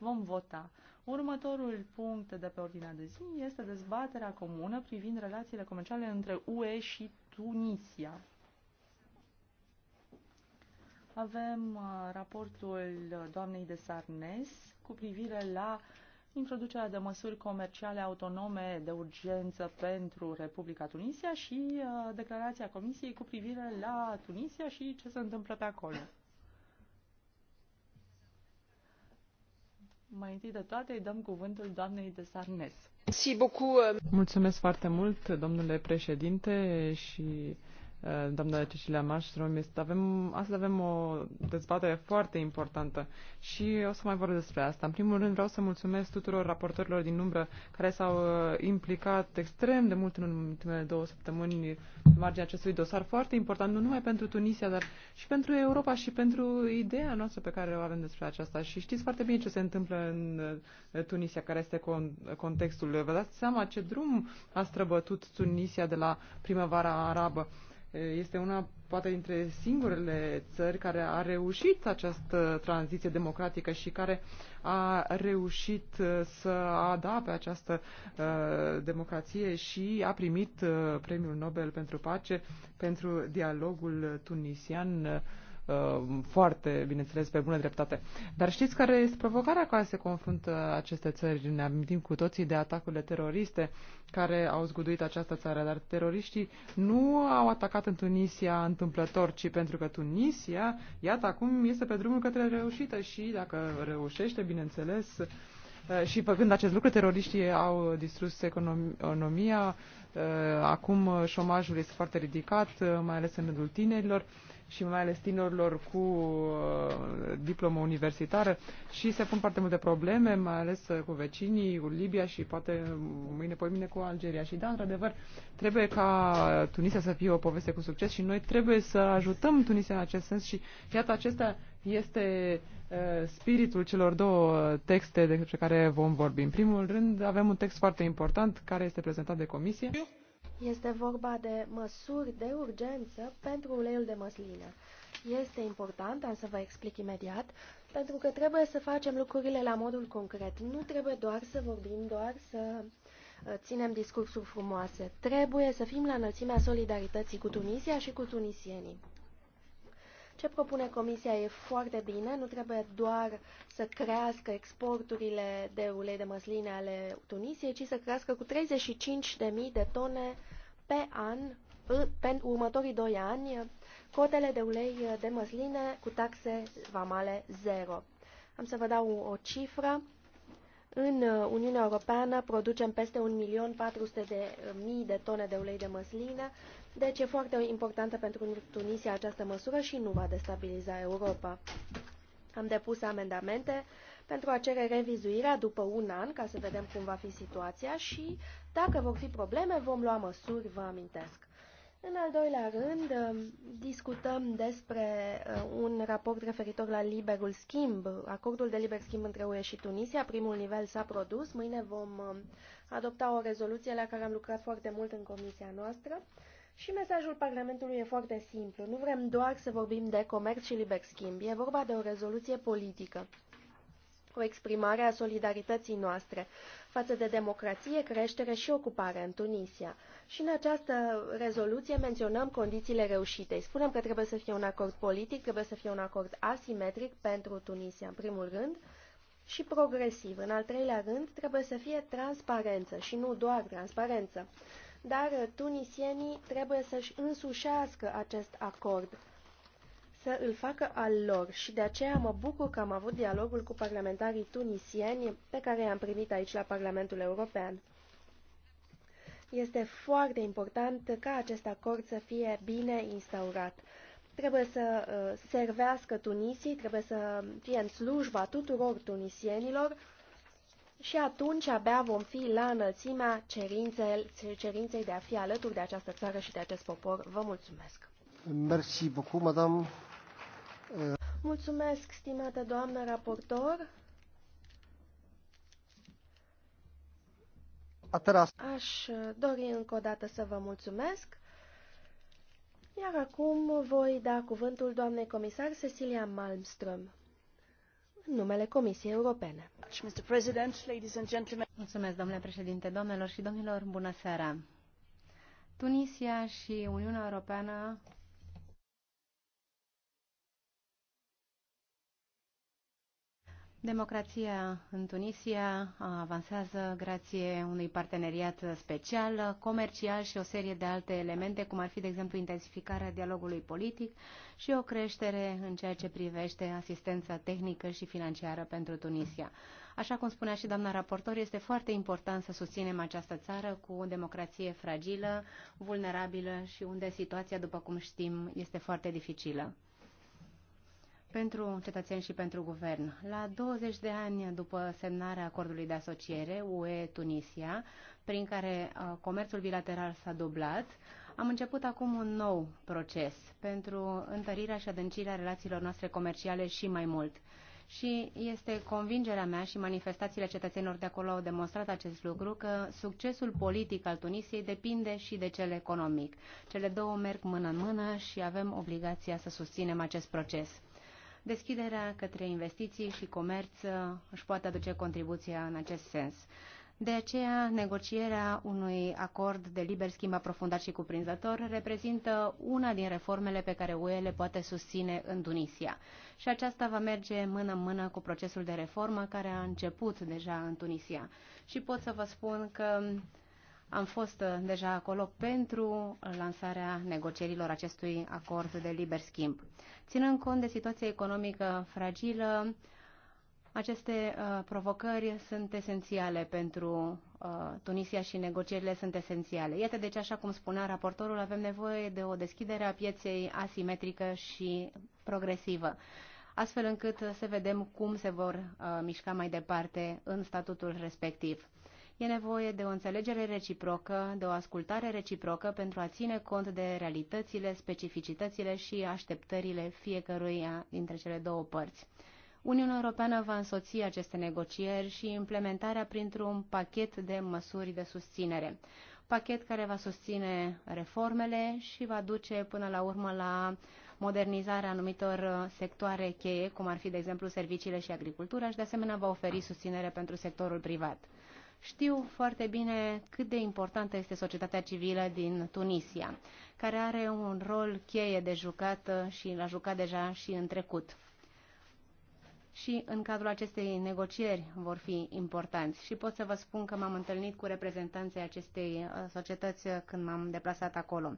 vom vota. Următorul punct de pe ordinea de zi este dezbaterea comună privind relațiile comerciale între UE și Tunisia. Avem uh, raportul doamnei de Sarnes cu privire la introducerea de măsuri comerciale autonome de urgență pentru Republica Tunisia și uh, declarația Comisiei cu privire la Tunisia și ce se întâmplă pe acolo. Mai întâi de toate îi dăm cuvântul doamnei de Sarnes. Euh. Mulțumesc foarte mult, domnule președinte, și Eh, doamna Cecilia Maștrom, este, avem, astăzi avem o dezbatere foarte importantă și o să mai vorbesc despre asta. În primul rând vreau să mulțumesc tuturor raportorilor din umbră care s-au eh, implicat extrem de mult în ultimele două săptămâni pe marginea acestui dosar foarte important, nu numai pentru Tunisia, dar și pentru Europa și pentru ideea noastră pe care o avem despre aceasta. Și știți foarte bine ce se întâmplă în eh, Tunisia, care este con- contextul. Vă dați seama ce drum a străbătut Tunisia de la primăvara arabă este una poate dintre singurele țări care a reușit această tranziție democratică și care a reușit uh, să adapte această uh, democrație și a primit uh, premiul Nobel pentru pace pentru dialogul tunisian uh, Uh, foarte, bineînțeles, pe bună dreptate. Dar știți care este provocarea cu care se confruntă aceste țări? Ne amintim cu toții de atacurile teroriste care au zguduit această țară, dar teroriștii nu au atacat în Tunisia întâmplător, ci pentru că Tunisia, iată, acum este pe drumul către reușită și dacă reușește, bineînțeles, uh, și făcând acest lucru, teroriștii au distrus economia, uh, acum șomajul este foarte ridicat, mai ales în rândul tinerilor și mai ales tinerilor cu uh, diplomă universitară și se pun foarte multe probleme, mai ales uh, cu vecinii, cu Libia și poate uh, mâine, poi mine cu Algeria. Și da, într-adevăr, trebuie ca Tunisia să fie o poveste cu succes și noi trebuie să ajutăm Tunisia în acest sens și iată acesta este uh, spiritul celor două texte despre care vom vorbi. În primul rând, avem un text foarte important care este prezentat de Comisie. Eu? Este vorba de măsuri de urgență pentru uleiul de măslină. Este important, am să vă explic imediat, pentru că trebuie să facem lucrurile la modul concret. Nu trebuie doar să vorbim, doar să uh, ținem discursuri frumoase. Trebuie să fim la înălțimea solidarității cu Tunisia și cu tunisienii. Ce propune Comisia e foarte bine, nu trebuie doar să crească exporturile de ulei de măsline ale Tunisiei, ci să crească cu 35.000 de tone pe an, pentru următorii 2 ani, cotele de ulei de măsline cu taxe vamale zero. Am să vă dau o cifră. În Uniunea Europeană producem peste 1.400.000 de tone de ulei de măsline deci e foarte importantă pentru Tunisia această măsură și nu va destabiliza Europa. Am depus amendamente pentru a cere revizuirea după un an, ca să vedem cum va fi situația și, dacă vor fi probleme, vom lua măsuri, vă amintesc. În al doilea rând, discutăm despre uh, un raport referitor la liberul schimb, acordul de liber schimb între UE și Tunisia. Primul nivel s-a produs, mâine vom uh, adopta o rezoluție la care am lucrat foarte mult în comisia noastră și mesajul Parlamentului e foarte simplu. Nu vrem doar să vorbim de comerț și liber schimb. E vorba de o rezoluție politică. O exprimare a solidarității noastre față de democrație, creștere și ocupare în Tunisia. Și în această rezoluție menționăm condițiile reușite. spunem că trebuie să fie un acord politic, trebuie să fie un acord asimetric pentru Tunisia, în primul rând, și progresiv. În al treilea rând, trebuie să fie transparență și nu doar transparență dar tunisienii trebuie să-și însușească acest acord, să îl facă al lor și de aceea mă bucur că am avut dialogul cu parlamentarii tunisieni pe care i-am primit aici la Parlamentul European. Este foarte important ca acest acord să fie bine instaurat trebuie să uh, servească Tunisii, trebuie să fie în slujba tuturor tunisienilor și atunci abia vom fi la înălțimea cerinței, cerinței de a fi alături de această țară și de acest popor. Vă mulțumesc! Merci beaucoup, madame. Mulțumesc, stimată doamnă raportor. Aș dori încă o dată să vă mulțumesc. Iar acum voi da cuvântul doamnei comisar Cecilia Malmström în numele Comisiei Europene. Mulțumesc, domnule președinte, doamnelor și domnilor, bună seara! Tunisia și Uniunea Europeană Democrația în Tunisia avansează grație unui parteneriat special, comercial și o serie de alte elemente, cum ar fi, de exemplu, intensificarea dialogului politic și o creștere în ceea ce privește asistența tehnică și financiară pentru Tunisia. Așa cum spunea și doamna raportor, este foarte important să susținem această țară cu o democrație fragilă, vulnerabilă și unde situația, după cum știm, este foarte dificilă pentru cetățeni și pentru guvern. La 20 de ani după semnarea acordului de asociere UE-Tunisia, prin care uh, comerțul bilateral s-a dublat, am început acum un nou proces pentru întărirea și adâncirea relațiilor noastre comerciale și mai mult. Și este convingerea mea și manifestațiile cetățenilor de acolo au demonstrat acest lucru că succesul politic al Tunisiei depinde și de cel economic. Cele două merg mână în mână și avem obligația să susținem acest proces deschiderea către investiții și comerț uh, își poate aduce contribuția în acest sens. De aceea, negocierea unui acord de liber schimb aprofundat și cuprinzător reprezintă una din reformele pe care UE le poate susține în Tunisia. Și aceasta va merge mână-mână cu procesul de reformă care a început deja în Tunisia. Și pot să vă spun că am fost uh, deja acolo pentru lansarea negocierilor acestui acord de liber schimb. Ținând cont de situația economică fragilă, aceste uh, provocări sunt esențiale pentru uh, Tunisia și negocierile sunt esențiale. Iată de deci, ce, așa cum spunea raportorul, avem nevoie de o deschidere a pieței asimetrică și progresivă, astfel încât să vedem cum se vor uh, mișca mai departe în statutul respectiv. E nevoie de o înțelegere reciprocă, de o ascultare reciprocă pentru a ține cont de realitățile, specificitățile și așteptările fiecăruia dintre cele două părți. Uniunea Europeană va însoți aceste negocieri și implementarea printr-un pachet de măsuri de susținere. Pachet care va susține reformele și va duce până la urmă la modernizarea anumitor sectoare cheie, cum ar fi, de exemplu, serviciile și agricultura și, de asemenea, va oferi susținere pentru sectorul privat. Știu foarte bine cât de importantă este societatea civilă din Tunisia, care are un rol cheie de jucat și l-a jucat deja și în trecut. Și în cadrul acestei negocieri vor fi importanți. Și pot să vă spun că m-am întâlnit cu reprezentanții acestei uh, societăți când m-am deplasat acolo.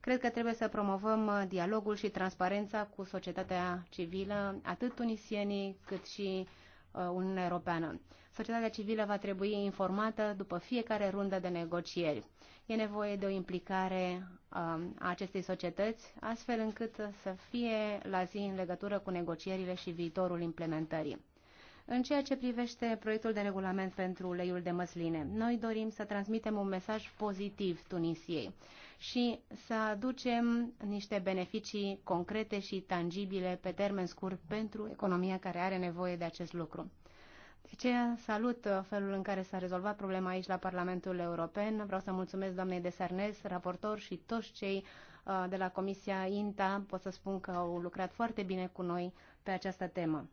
Cred că trebuie să promovăm uh, dialogul și transparența cu societatea civilă, atât tunisienii cât și uh, Uniunea Europeană. Societatea civilă va trebui informată după fiecare rundă de negocieri. E nevoie de o implicare um, a acestei societăți, astfel încât să fie la zi în legătură cu negocierile și viitorul implementării. În ceea ce privește proiectul de regulament pentru uleiul de măsline, noi dorim să transmitem un mesaj pozitiv Tunisiei și să aducem niște beneficii concrete și tangibile pe termen scurt pentru economia care are nevoie de acest lucru aceea salut uh, felul în care s-a rezolvat problema aici la Parlamentul European. Vreau să mulțumesc doamnei de raportor și toți cei uh, de la Comisia INTA. Pot să spun că au lucrat foarte bine cu noi pe această temă.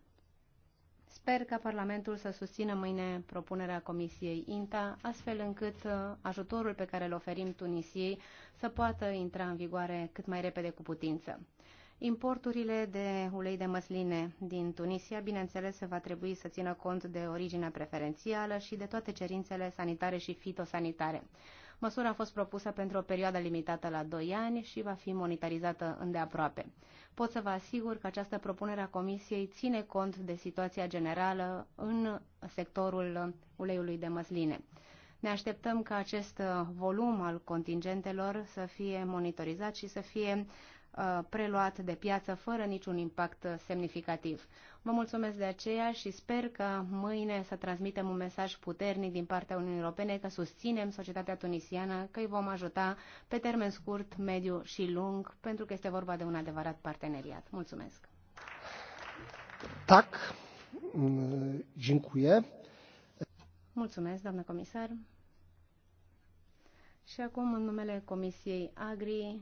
Sper ca Parlamentul să susțină mâine propunerea Comisiei INTA, astfel încât uh, ajutorul pe care îl oferim Tunisiei să poată intra în vigoare cât mai repede cu putință. Importurile de ulei de măsline din Tunisia, bineînțeles, se va trebui să țină cont de originea preferențială și de toate cerințele sanitare și fitosanitare. Măsura a fost propusă pentru o perioadă limitată la 2 ani și va fi monitorizată îndeaproape. Pot să vă asigur că această propunere a Comisiei ține cont de situația generală în sectorul uleiului de măsline. Ne așteptăm ca acest volum al contingentelor să fie monitorizat și să fie Uh, preluat de piață fără niciun impact semnificativ. Vă mulțumesc de aceea și sper că mâine să transmitem un mesaj puternic din partea Uniunii Europene că susținem societatea tunisiană, că îi vom ajuta pe termen scurt, mediu și lung, pentru că este vorba de un adevărat parteneriat. Mulțumesc! Tak, dziękuję. Mulțumesc, doamnă comisar. Și acum, în numele Comisiei Agri,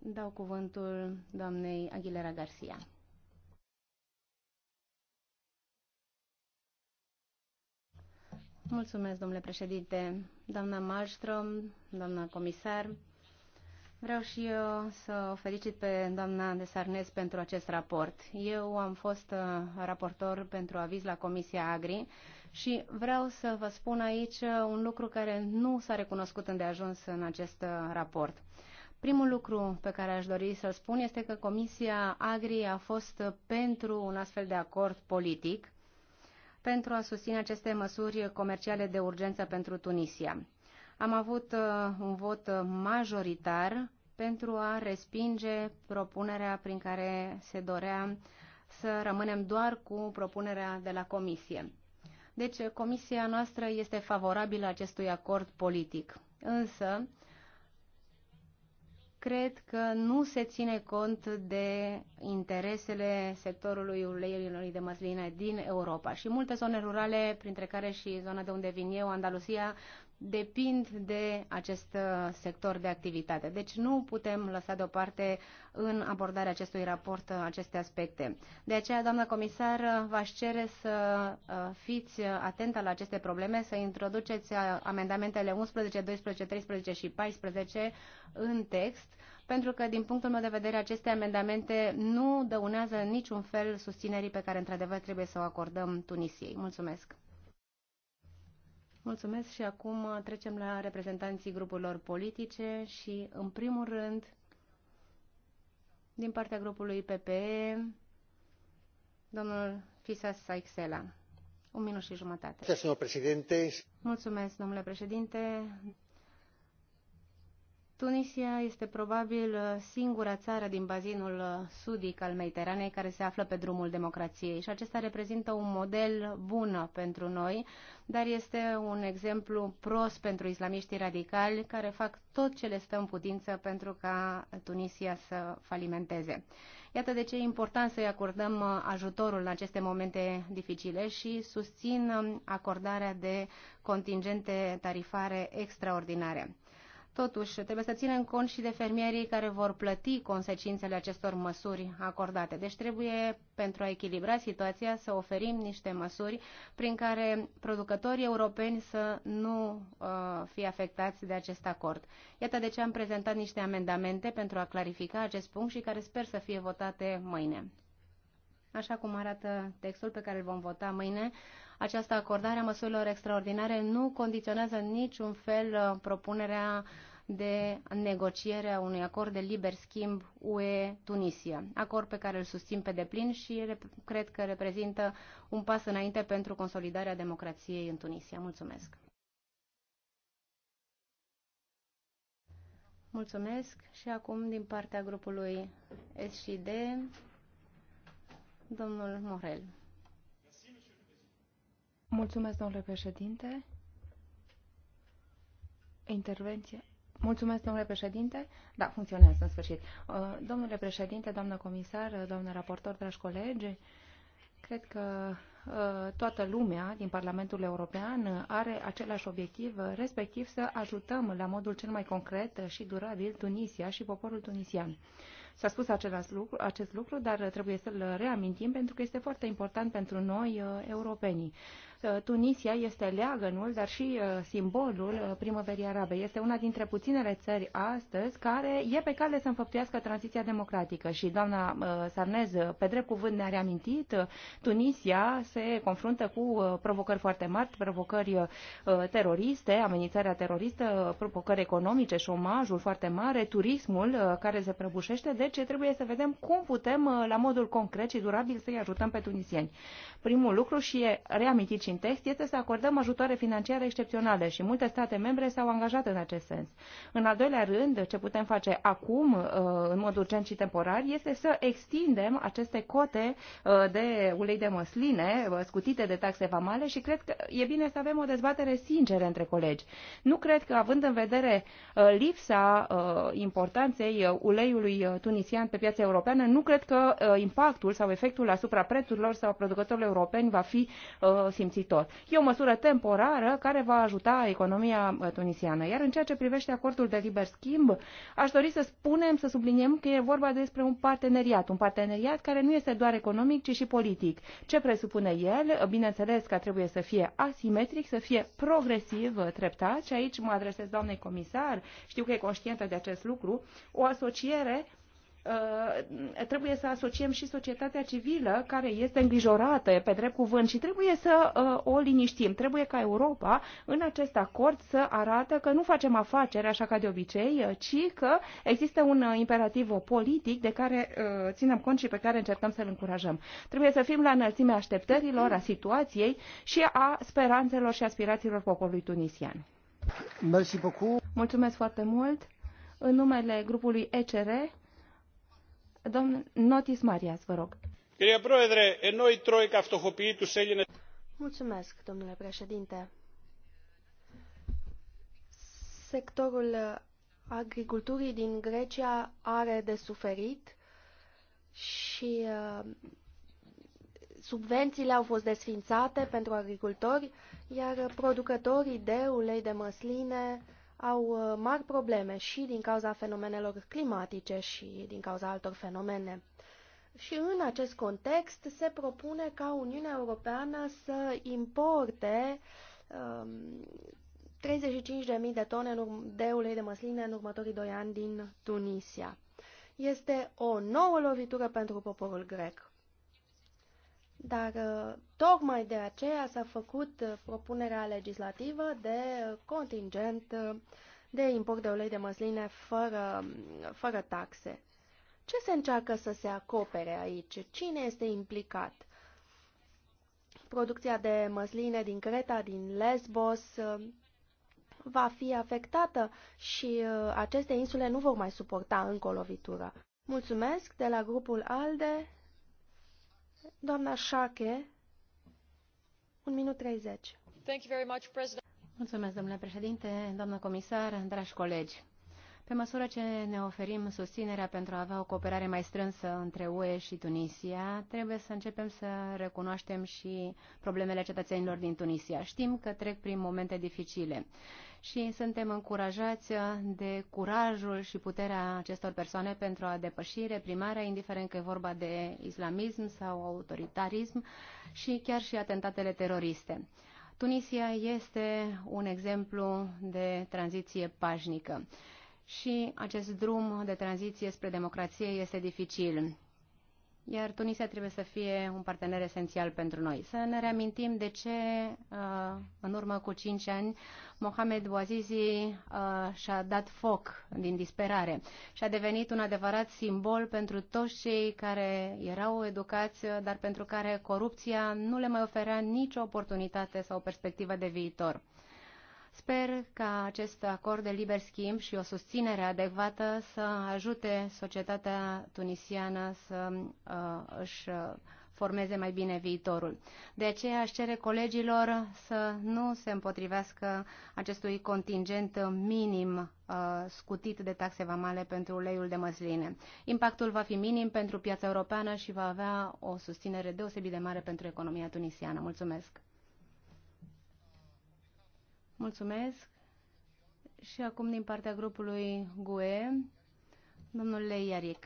Dau cuvântul doamnei Aguilera Garcia. Mulțumesc, domnule președinte, doamna Malmström, doamna comisar. Vreau și eu să o felicit pe doamna de Sarnez pentru acest raport. Eu am fost uh, raportor pentru aviz la Comisia Agri și vreau să vă spun aici uh, un lucru care nu s-a recunoscut îndeajuns în acest uh, raport. Primul lucru pe care aș dori să-l spun este că Comisia Agri a fost pentru un astfel de acord politic pentru a susține aceste măsuri comerciale de urgență pentru Tunisia. Am avut uh, un vot majoritar pentru a respinge propunerea prin care se dorea să rămânem doar cu propunerea de la Comisie. Deci, Comisia noastră este favorabilă acestui acord politic. Însă, cred că nu se ține cont de interesele sectorului uleiului de măsline din Europa. Și multe zone rurale, printre care și zona de unde vin eu, Andalusia, depind de acest uh, sector de activitate. Deci nu putem lăsa deoparte în abordarea acestui raport uh, aceste aspecte. De aceea, doamnă comisar, uh, v-aș cere să fiți atentă la aceste probleme, să introduceți amendamentele 11, 12, 13 și 14 în text, pentru că, din punctul meu de vedere, aceste amendamente nu dăunează niciun fel susținerii pe care, într-adevăr, trebuie să o acordăm Tunisiei. Mulțumesc! Mulțumesc și acum uh, trecem la reprezentanții grupurilor politice și, în primul rând, din partea grupului PPE, domnul Fisas Saixela. Un minut și jumătate. Mulțumesc, domnule președinte. Tunisia este probabil uh, singura țară din bazinul uh, sudic al Mediteranei care se află pe drumul democrației și acesta reprezintă un model bun pentru noi, dar este un exemplu prost pentru islamiștii radicali care fac tot ce le stă în putință pentru ca Tunisia să falimenteze. Iată de ce e important să-i acordăm uh, ajutorul în aceste momente dificile și susțin um, acordarea de contingente tarifare extraordinare. Totuși, trebuie să ținem cont și de fermierii care vor plăti consecințele acestor măsuri acordate. Deci trebuie, pentru a echilibra situația, să oferim niște măsuri prin care producătorii europeni să nu uh, fie afectați de acest acord. Iată de ce am prezentat niște amendamente pentru a clarifica acest punct și care sper să fie votate mâine. Așa cum arată textul pe care îl vom vota mâine, această acordare a măsurilor extraordinare nu condiționează în niciun fel uh, propunerea de negociere a unui acord de liber schimb UE-Tunisia, acord pe care îl susțin pe deplin și cred că reprezintă un pas înainte pentru consolidarea democrației în Tunisia. Mulțumesc! Mulțumesc și acum din partea grupului SD, domnul Morel. Mulțumesc, domnule președinte. Intervenție. Mulțumesc, domnule președinte. Da, funcționează în sfârșit. Uh, domnule președinte, doamnă comisar, uh, doamnă raportor, dragi colegi, cred că uh, toată lumea din Parlamentul European are același obiectiv, respectiv să ajutăm la modul cel mai concret și durabil Tunisia și poporul tunisian. S-a spus același lucru, acest lucru, dar trebuie să-l reamintim pentru că este foarte important pentru noi, europenii. Uh, Tunisia este leagănul, dar și uh, simbolul uh, primăverii arabe. Este una dintre puținele țări astăzi care e pe cale să înfăptuiască tranziția democratică și doamna Sarnez, pe drept cuvânt ne-a reamintit, Tunisia se confruntă cu provocări foarte mari, provocări teroriste, amenințarea teroristă, provocări economice, șomajul foarte mare, turismul care se prăbușește, deci trebuie să vedem cum putem la modul concret și durabil să-i ajutăm pe tunisieni. Primul lucru și e reamintit aici în text este să acordăm ajutoare financiare excepționale și multe state membre s-au angajat în acest sens. În al doilea rând, ce putem face acum, uh, în mod urgent și temporar, este să extindem aceste cote uh, de ulei de măsline uh, scutite de taxe vamale și cred că e bine să avem o dezbatere sinceră între colegi. Nu cred că, având în vedere lipsa importanței uleiului tunisian pe piața europeană, nu cred că impactul sau efectul asupra prețurilor sau a producătorilor europeni va fi simțit folositor. E o măsură temporară care va ajuta economia uh, tunisiană. Iar în ceea ce privește acordul de liber schimb, aș dori să spunem, să subliniem că e vorba despre un parteneriat, un parteneriat care nu este doar economic, ci și politic. Ce presupune el? Uh, bineînțeles că trebuie să fie asimetric, să fie progresiv, uh, treptat și aici mă adresez doamnei comisar, știu că e conștientă de acest lucru, o asociere Uh, trebuie să asociem și societatea civilă care este îngrijorată pe drept cuvânt și trebuie să uh, o liniștim. Trebuie ca Europa în acest acord să arată că nu facem afaceri așa ca de obicei, uh, ci că există un imperativ politic de care ținem cont și pe care încercăm să-l încurajăm. Trebuie să fim la înălțimea așteptărilor, a situației și a speranțelor și aspirațiilor poporului tunisian. Mulțumesc foarte mult. În numele grupului ECR, Domnul Notis Marias, vă rog. Mulțumesc, domnule președinte. Sectorul agriculturii din Grecia are de suferit și uh, subvențiile au fost desfințate pentru agricultori, iar producătorii de ulei de măsline au uh, mari probleme și din cauza fenomenelor climatice și din cauza altor fenomene. Și în acest context se propune ca Uniunea Europeană să importe um, 35.000 de tone de ulei de măsline în următorii doi ani din Tunisia. Este o nouă lovitură pentru poporul grec. Dar uh, tocmai de aceea s-a făcut uh, propunerea legislativă de contingent uh, de import de ulei de măsline fără, fără taxe. Ce se încearcă să se acopere aici? Cine este implicat? Producția de măsline din Creta, din Lesbos, va fi afectată și aceste insule nu vor mai suporta încă o lovitură. Mulțumesc de la grupul ALDE, Doamna Șache, un minut 30. Thank you very much, President. Mulțumesc, domnule președinte, doamnă comisar, dragi colegi. Pe măsură ce ne oferim susținerea pentru a avea o cooperare mai strânsă între UE și Tunisia, trebuie să începem să recunoaștem și problemele cetățenilor din Tunisia. Știm că trec prin momente dificile și suntem încurajați de curajul și puterea acestor persoane pentru a depăși reprimarea, indiferent că e vorba de islamism sau autoritarism și chiar și atentatele teroriste. Tunisia este un exemplu de tranziție pașnică și acest drum de tranziție spre democrație este dificil. Iar Tunisia trebuie să fie un partener esențial pentru noi. Să ne reamintim de ce, uh, în urmă cu cinci ani, Mohamed Bouazizi uh, și-a dat foc din disperare și a devenit un adevărat simbol pentru toți cei care erau educați, dar pentru care corupția nu le mai oferea nicio oportunitate sau perspectivă de viitor. Sper ca acest acord de liber schimb și o susținere adecvată să ajute societatea tunisiană să uh, își formeze mai bine viitorul. De aceea aș cere colegilor să nu se împotrivească acestui contingent minim uh, scutit de taxe vamale pentru uleiul de măsline. Impactul va fi minim pentru piața europeană și va avea o susținere deosebit de mare pentru economia tunisiană. Mulțumesc! Mulțumesc. Și acum din partea grupului GUE, domnule Iaric.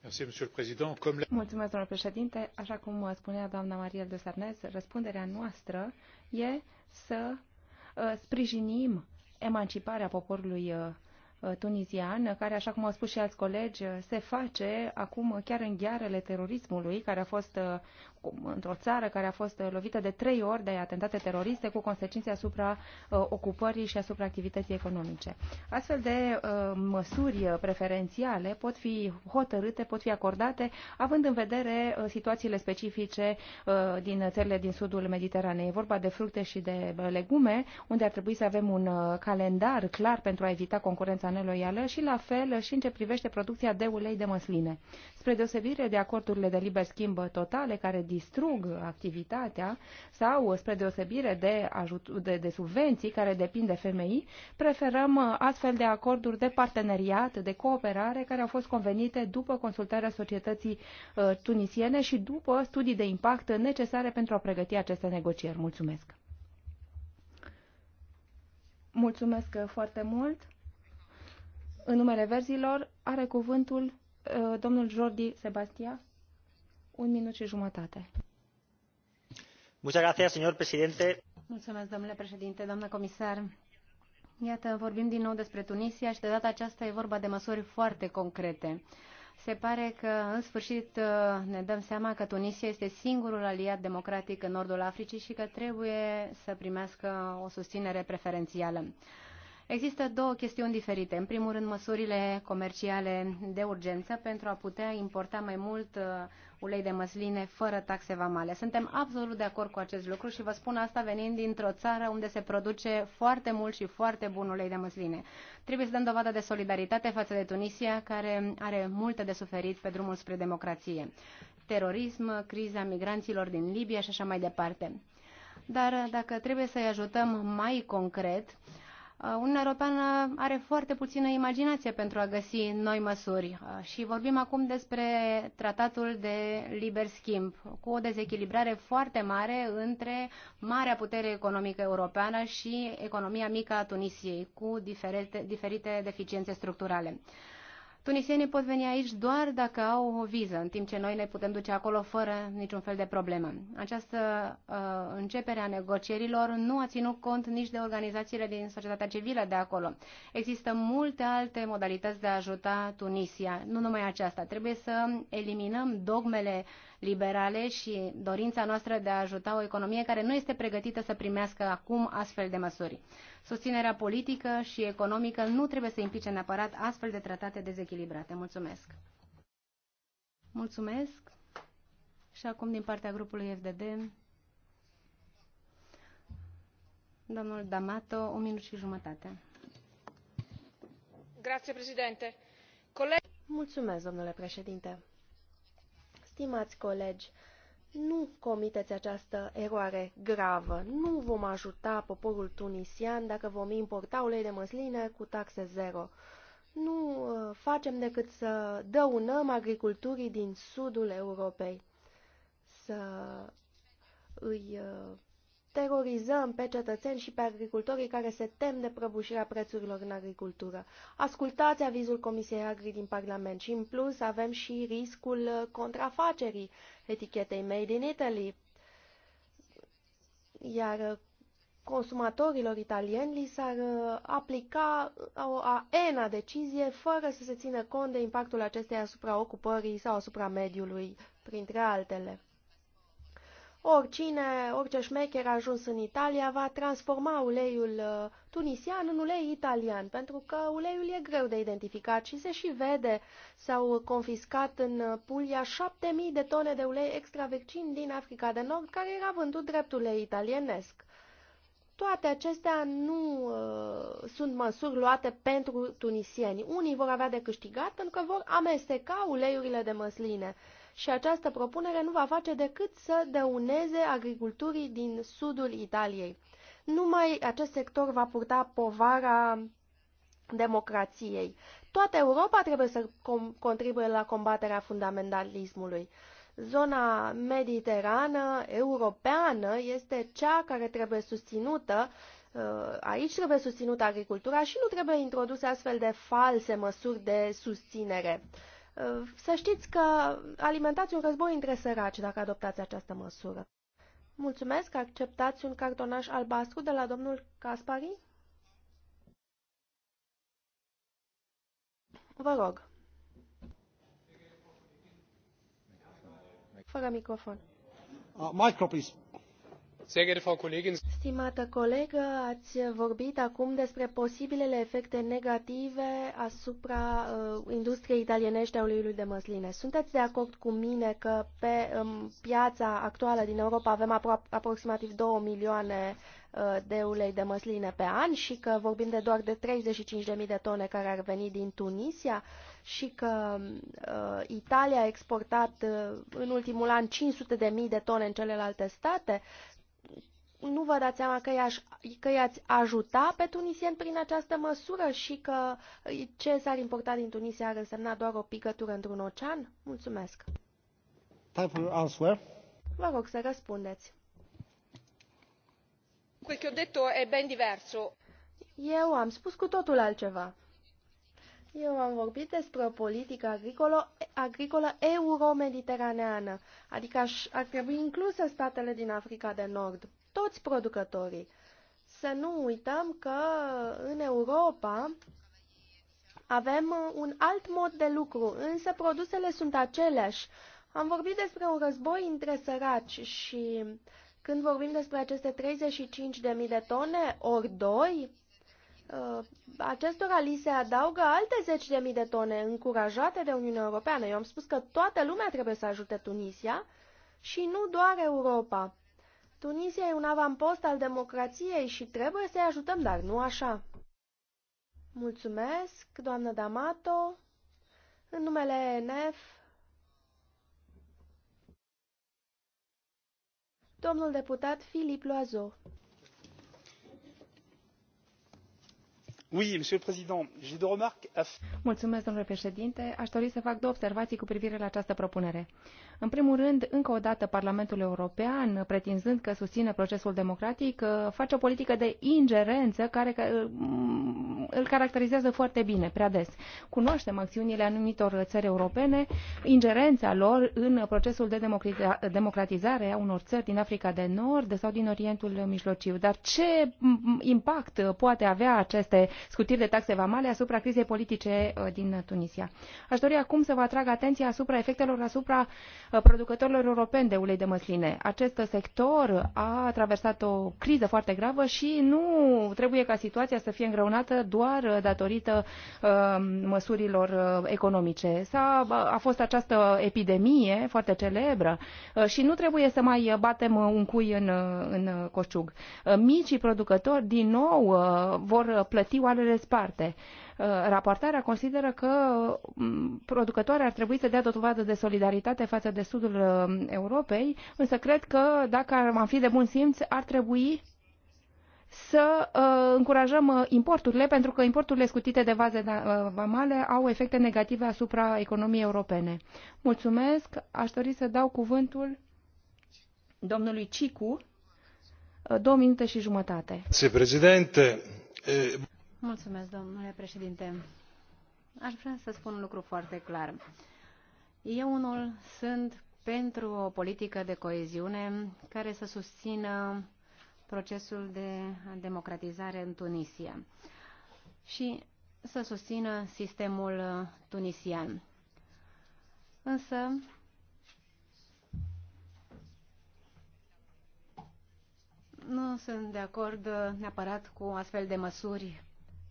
Mulțumesc, domnule președinte. Așa cum spunea doamna Maria de Sarnez, răspunderea noastră e să uh, sprijinim emanciparea poporului uh, uh, tunizian, care, așa cum au spus și alți colegi, se face acum chiar în ghearele terorismului, care a fost într-o țară care a fost uh, lovită de trei ori de atentate teroriste cu consecințe asupra uh, ocupării și asupra activității economice. Astfel de uh, măsuri preferențiale pot fi hotărâte, pot fi acordate, având în vedere situațiile specifice din țările din sudul Mediteranei. E vorba de fructe și de legume, unde ar trebui să avem un calendar clar pentru a evita concurența neloială și la fel și în ce privește producția de ulei de măsline. Spre deosebire de acordurile de liber schimb totale care distrug activitatea sau, spre deosebire de, de, de subvenții care depind de femei, preferăm uh, astfel de acorduri de parteneriat, de cooperare, care au fost convenite după consultarea societății uh, tunisiene și după studii de impact necesare pentru a pregăti aceste negocieri. Mulțumesc! Mulțumesc uh, foarte mult! În numele verzilor are cuvântul domnul Jordi Sebastian domnule președinte, doamnă comisar. Iată, vorbim din nou despre Tunisia și de data aceasta e vorba de măsuri foarte concrete. Se pare că, în sfârșit, ne dăm seama că Tunisia este singurul aliat democratic în nordul Africii și că trebuie să primească o susținere preferențială. Există două chestiuni diferite. În primul rând, măsurile comerciale de urgență pentru a putea importa mai mult uh, ulei de măsline fără taxe vamale. Suntem absolut de acord cu acest lucru și vă spun asta venind dintr-o țară unde se produce foarte mult și foarte bun ulei de măsline. Trebuie să dăm dovadă de solidaritate față de Tunisia, care are multe de suferit pe drumul spre democrație. Terorism, criza migranților din Libia și așa mai departe. Dar dacă trebuie să-i ajutăm mai concret, uh, Uh, Uniunea Europeană are foarte puțină imaginație pentru a găsi noi măsuri uh, și vorbim acum despre tratatul de liber schimb, cu o dezechilibrare foarte mare între marea putere economică europeană și economia mică a Tunisiei, cu diferite, diferite deficiențe structurale. Tunisienii pot veni aici doar dacă au o viză, în timp ce noi ne putem duce acolo fără niciun fel de problemă. Această uh, începere a negocierilor nu a ținut cont nici de organizațiile din societatea civilă de acolo. Există multe alte modalități de a ajuta Tunisia, nu numai aceasta. Trebuie să eliminăm dogmele liberale și dorința noastră de a ajuta o economie care nu este pregătită să primească acum astfel de măsuri. Susținerea politică și economică nu trebuie să implice neapărat astfel de tratate dezechilibrate. Mulțumesc! Mulțumesc! Și acum din partea grupului FDD, domnul D'Amato, un minut și jumătate. Grazie, președinte. Coleg... Mulțumesc, domnule președinte. Stimați colegi, nu comiteți această eroare gravă. Nu vom ajuta poporul tunisian dacă vom importa ulei de măsline cu taxe zero. Nu uh, facem decât să dăunăm agriculturii din sudul Europei, să îi uh, terorizăm pe cetățeni și pe agricultorii care se tem de prăbușirea prețurilor în agricultură. Ascultați avizul Comisiei Agri din Parlament și în plus avem și riscul uh, contrafacerii etichetei Made in Italy. Iar uh, consumatorilor italieni li s-ar uh, aplica o aena decizie fără să se țină cont de impactul acesteia asupra ocupării sau asupra mediului, printre altele. Oricine, orice șmecher a ajuns în Italia va transforma uleiul uh, tunisian în ulei italian, pentru că uleiul e greu de identificat și se și vede. S-au confiscat în uh, Puglia 7000 de tone de ulei extravergin din Africa de Nord, care era vândut drept ulei italienesc. Toate acestea nu uh, sunt măsuri luate pentru tunisieni. Unii vor avea de câștigat pentru că vor amesteca uleiurile de măsline și această propunere nu va face decât să dăuneze agriculturii din sudul Italiei. Numai acest sector va purta povara democrației. Toată Europa trebuie să contribuie la combaterea fundamentalismului. Zona mediterană europeană este cea care trebuie susținută uh, Aici trebuie susținută agricultura și nu trebuie introduse astfel de false măsuri de susținere. Uh, să știți că alimentați un război între săraci dacă adoptați această măsură. Mulțumesc, acceptați un cartonaș albastru de la domnul Caspari? Vă rog. Fără microfon. Uh, micro, please. Stimată colegă, ați vorbit acum despre posibilele efecte negative asupra uh, industriei italienești a uleiului de măsline. Sunteți de acord cu mine că pe um, piața actuală din Europa avem apro- aproximativ 2 milioane uh, de ulei de măsline pe an și că vorbim de doar de 35.000 de tone care ar veni din Tunisia și că uh, Italia a exportat uh, în ultimul an 500.000 de tone în celelalte state? nu vă dați seama că, i-aș, că i-ați ajuta pe tunisieni prin această măsură și că ce s-ar importa din Tunisia ar însemna doar o picătură într-un ocean? Mulțumesc. Vă rog să răspundeți. Eu am spus cu totul altceva. Eu am vorbit despre o politică agricolă, agricolă euro-mediteraneană, adică aș, ar trebui incluse statele din Africa de Nord, toți producătorii. Să nu uităm că în Europa avem un alt mod de lucru, însă produsele sunt aceleași. Am vorbit despre un război între săraci și când vorbim despre aceste 35.000 de tone ori 2, Uh, acestora li se adaugă alte zeci de mii de tone încurajate de Uniunea Europeană. Eu am spus că toată lumea trebuie să ajute Tunisia și nu doar Europa. Tunisia e un avampost al democrației și trebuie să-i ajutăm, dar nu așa. Mulțumesc, doamnă D'Amato. În numele ENF, domnul deputat Filip Loazo. Mulțumesc, domnule președinte. Aș dori să fac două observații cu privire la această propunere. În primul rând, încă o dată, Parlamentul European, pretinzând că susține procesul democratic, face o politică de ingerență care îl caracterizează foarte bine, prea des. Cunoaștem acțiunile anumitor țări europene, ingerența lor în procesul de democratizare a unor țări din Africa de Nord sau din Orientul Mijlociu. Dar ce impact poate avea aceste scutiri de taxe vamale asupra crizei politice uh, din Tunisia? Aș dori acum să vă atrag atenția asupra efectelor asupra Uh, producătorilor europeni de ulei de măsline. Acest sector a traversat o criză foarte gravă și nu trebuie ca situația să fie îngreunată doar datorită uh, măsurilor uh, economice. a a fost această epidemie foarte celebră și nu trebuie să mai batem un cui în, în coșciug. Micii producători, din nou, vor plăti oarele sparte. Uh, raportarea consideră că um, producătoarea ar trebui să dea dovadă de solidaritate față de sudul um, Europei, însă cred că dacă am fi de bun simț, ar trebui să uh, încurajăm uh, importurile, pentru că importurile scutite de vaze da, uh, vamale au efecte negative asupra economiei europene. Mulțumesc. Aș dori să dau cuvântul domnului Cicu, două minute și jumătate. Se Uh... Mulțumesc, domnule președinte. Aș vrea să spun un lucru foarte clar. Eu unul sunt pentru o politică de coeziune care să susțină procesul de democratizare în Tunisia și să susțină sistemul tunisian. Însă, nu sunt de acord neapărat cu astfel de măsuri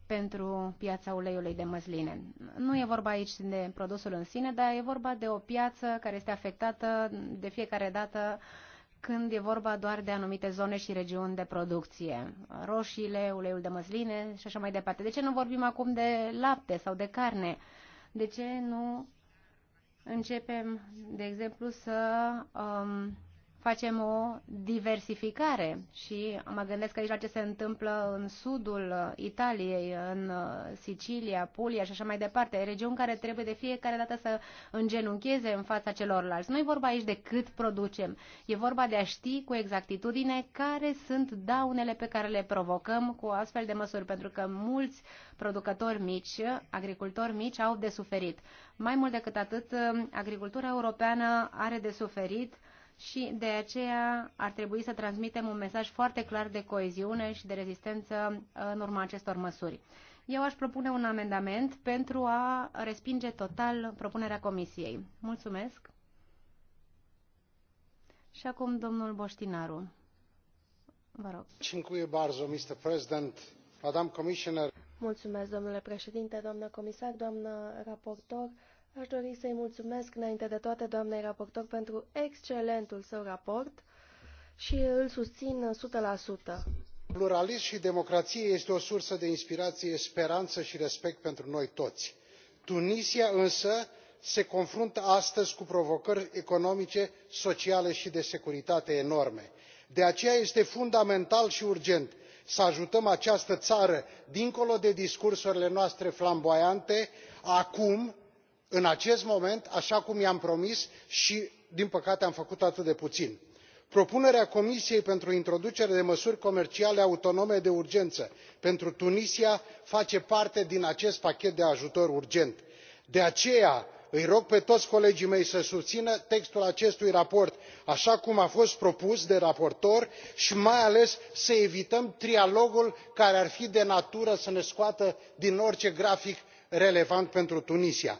pentru piața uleiului de măsline. Nu e vorba aici de produsul în sine, dar e vorba de o piață care este afectată de fiecare dată când e vorba doar de anumite zone și regiuni de producție. Roșiile, uleiul de măsline și așa mai departe. De ce nu vorbim acum de lapte sau de carne? De ce nu începem, de exemplu, să um, facem o diversificare și mă gândesc aici la ce se întâmplă în sudul Italiei, în uh, Sicilia, Puglia și așa mai departe, regiuni care trebuie de fiecare dată să îngenuncheze în fața celorlalți. Nu e vorba aici de cât producem, e vorba de a ști cu exactitudine care sunt daunele pe care le provocăm cu astfel de măsuri, pentru că mulți producători mici, agricultori mici au de suferit. Mai mult decât atât, uh, agricultura europeană are de suferit și de aceea ar trebui să transmitem un mesaj foarte clar de coeziune și de rezistență în urma acestor măsuri. Eu aș propune un amendament pentru a respinge total propunerea Comisiei. Mulțumesc. Și acum domnul Boștinaru. Vă rog. Mulțumesc, domnule președinte, doamnă comisar, doamnă raportor. Aș dori să-i mulțumesc înainte de toate doamnei raportor pentru excelentul său raport și îl susțin 100%. Pluralism și democrație este o sursă de inspirație, speranță și respect pentru noi toți. Tunisia însă se confruntă astăzi cu provocări economice, sociale și de securitate enorme. De aceea este fundamental și urgent să ajutăm această țară dincolo de discursurile noastre flamboiante acum în acest moment așa cum i am promis și din păcate am făcut atât de puțin. propunerea comisiei pentru introducerea de măsuri comerciale autonome de urgență pentru tunisia face parte din acest pachet de ajutor urgent. de aceea îi rog pe toți colegii mei să susțină textul acestui raport așa cum a fost propus de raportor și mai ales să evităm trialogul care ar fi de natură să ne scoată din orice grafic relevant pentru tunisia.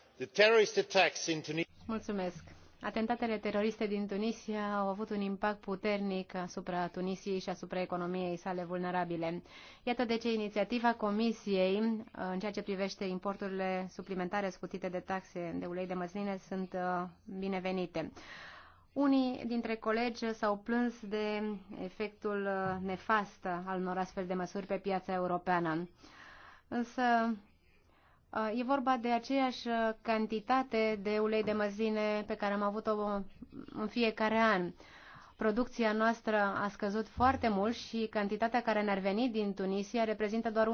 Mulțumesc. Atentatele teroriste din Tunisia au avut un impact puternic asupra Tunisiei și asupra economiei sale vulnerabile. Iată de ce inițiativa Comisiei în ceea ce privește importurile suplimentare scutite de taxe de ulei de măsline sunt uh, binevenite. Unii dintre colegi s-au plâns de efectul uh, nefast al unor astfel de măsuri pe piața europeană. Însă Uh, e vorba de aceeași uh, cantitate de ulei de măsline pe care am avut-o uh, în fiecare an. Producția noastră a scăzut foarte mult și cantitatea care ne-ar veni din Tunisia reprezintă doar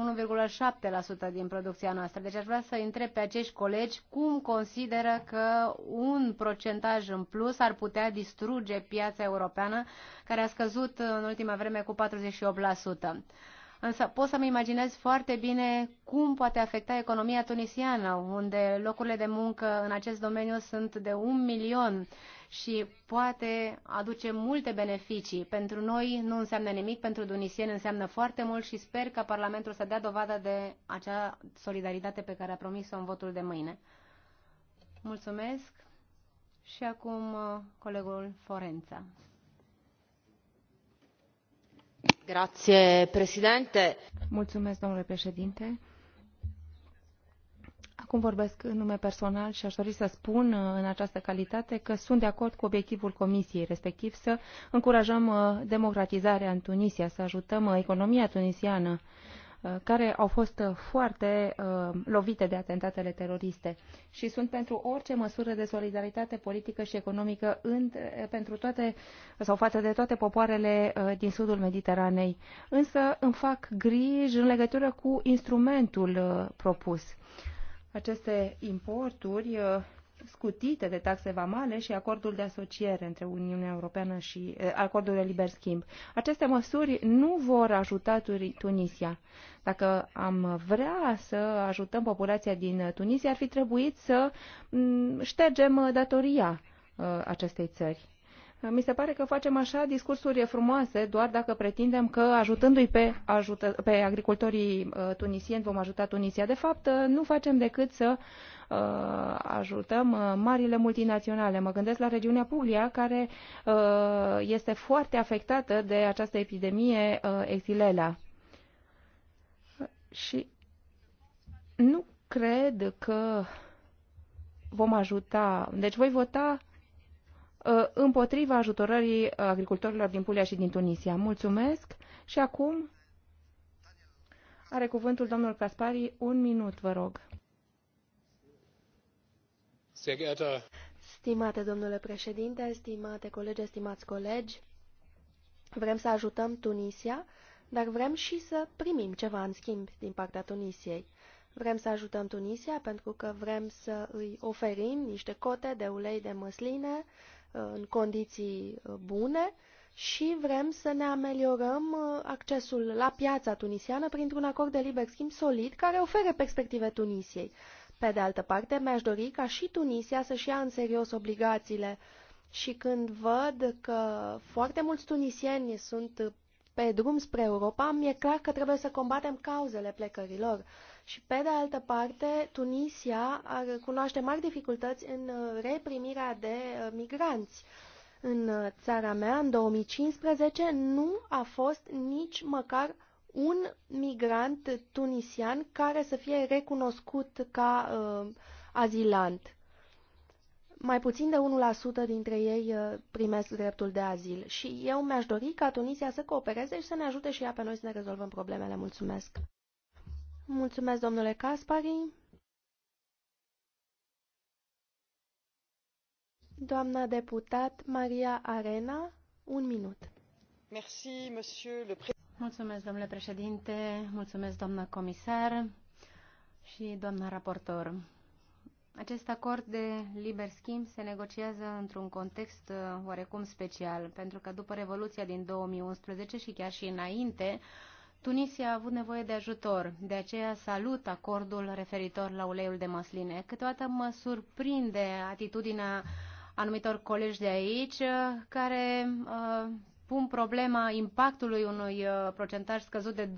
1,7% din producția noastră. Deci aș vrea să întreb pe acești colegi cum consideră că un procentaj în plus ar putea distruge piața europeană care a scăzut în ultima vreme cu 48%. Însă pot să-mi imaginez foarte bine cum poate afecta economia tunisiană, unde locurile de muncă în acest domeniu sunt de un milion și poate aduce multe beneficii. Pentru noi nu înseamnă nimic, pentru tunisieni înseamnă foarte mult și sper ca Parlamentul să dea dovadă de acea solidaritate pe care a promis-o în votul de mâine. Mulțumesc și acum uh, colegul Forența. Mulțumesc, domnule președinte. Acum vorbesc în nume personal și aș dori să spun uh, în această calitate că sunt de acord cu obiectivul Comisiei, respectiv să încurajăm uh, democratizarea în Tunisia, să ajutăm uh, economia tunisiană care au fost uh, foarte uh, lovite de atentatele teroriste și sunt pentru orice măsură de solidaritate politică și economică pentru toate sau față de toate popoarele uh, din sudul Mediteranei. Însă îmi fac griji în legătură cu instrumentul propus aceste importuri scutite de taxe vamale și acordul de asociere între Uniunea Europeană și eh, acordul de liber schimb. Aceste măsuri nu vor ajuta Tunisia. Dacă am vrea să ajutăm populația din Tunisia, ar fi trebuit să mm, ștergem datoria eh, acestei țări. Mi se pare că facem așa discursuri frumoase doar dacă pretindem că ajutându-i pe, ajută, pe agricultorii uh, tunisieni vom ajuta Tunisia. De fapt, uh, nu facem decât să uh, ajutăm marile multinaționale. Mă gândesc la regiunea Puglia, care este foarte afectată de această epidemie exilela. Și nu cred că vom ajuta. Deci voi vota Uh, împotriva ajutorării agricultorilor din Pulia și din Tunisia. Mulțumesc și acum are cuvântul domnul Caspari. Un minut, vă rog. Stimate domnule președinte, stimate colegi, stimați colegi, vrem să ajutăm Tunisia, dar vrem și să primim ceva în schimb din partea Tunisiei. Vrem să ajutăm Tunisia pentru că vrem să îi oferim niște cote de ulei de măsline, în condiții uh, bune și vrem să ne ameliorăm uh, accesul la piața tunisiană printr-un acord de liber schimb solid care ofere perspective Tunisiei. Pe de altă parte, mi-aș dori ca și Tunisia să-și ia în serios obligațiile și când văd că foarte mulți tunisieni sunt pe drum spre Europa, mi-e clar că trebuie să combatem cauzele plecărilor. Și pe de altă parte, Tunisia ar cunoaște mari dificultăți în uh, reprimirea de uh, migranți. În uh, țara mea, în 2015, nu a fost nici măcar un migrant tunisian care să fie recunoscut ca uh, azilant. Mai puțin de 1% dintre ei uh, primesc dreptul de azil și eu mi-aș dori ca Tunisia să coopereze și să ne ajute și ea pe noi să ne rezolvăm problemele. Mulțumesc! Mulțumesc, domnule Caspari. Doamna deputat Maria Arena, un minut. Merci, monsieur le mulțumesc, domnule președinte, mulțumesc, doamna comisar și doamna raportor. Acest acord de liber schimb se negociază într-un context uh, oarecum special, pentru că după Revoluția din 2011 și chiar și înainte, Tunisia a avut nevoie de ajutor, de aceea salut acordul referitor la uleiul de măsline. Câteodată mă surprinde atitudinea anumitor colegi de aici uh, care uh, pun problema impactului unui uh, procentaj scăzut de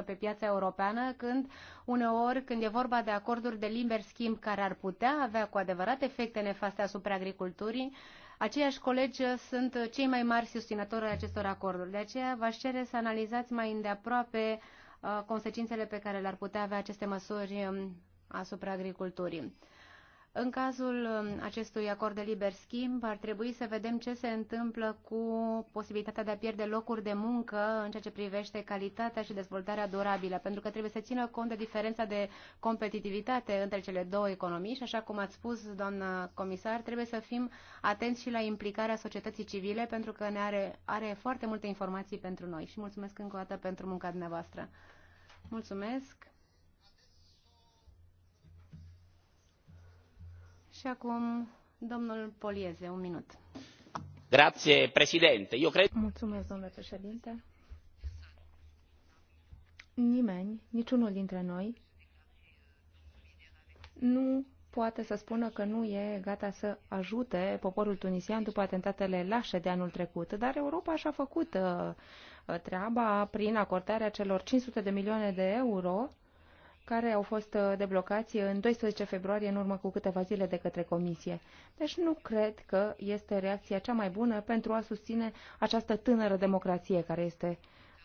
2% pe piața europeană, când uneori, când e vorba de acorduri de liber schimb care ar putea avea cu adevărat efecte nefaste asupra agriculturii, uh, Aceiași colegi sunt cei mai mari susținători ai acestor acorduri. De aceea v-aș cere să analizați mai îndeaproape uh, consecințele pe care le-ar putea avea aceste măsuri um, asupra agriculturii. În cazul um, acestui acord de liber schimb, ar trebui să vedem ce se întâmplă cu posibilitatea de a pierde locuri de muncă în ceea ce privește calitatea și dezvoltarea durabilă, pentru că trebuie să țină cont de diferența de competitivitate între cele două economii și, așa cum ați spus, doamnă comisar, trebuie să fim atenți și la implicarea societății civile, pentru că ne are, are foarte multe informații pentru noi. Și mulțumesc încă o dată pentru munca dumneavoastră. Mulțumesc! Și acum, domnul Polieze, un minut. Mulțumesc, domnule președinte. Nimeni, niciunul dintre noi, nu poate să spună că nu e gata să ajute poporul tunisian după atentatele lașe de anul trecut, dar Europa și-a făcut uh, treaba prin acordarea celor 500 de milioane de euro care au fost uh, deblocați în 12 februarie, în urmă cu câteva zile de către Comisie. Deci nu cred că este reacția cea mai bună pentru a susține această tânără democrație care este